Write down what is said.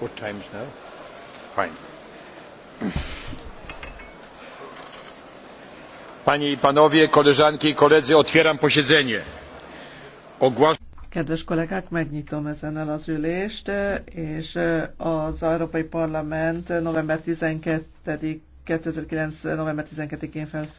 now? Fine. Panie i panowie, koleżanki i koledzy, otwieram posiedzenie. Ogłaszam. Kedves kollégák, megnyitom ezen az ülést, és az Európai Parlament november 12 2009. november 12-én felfegy.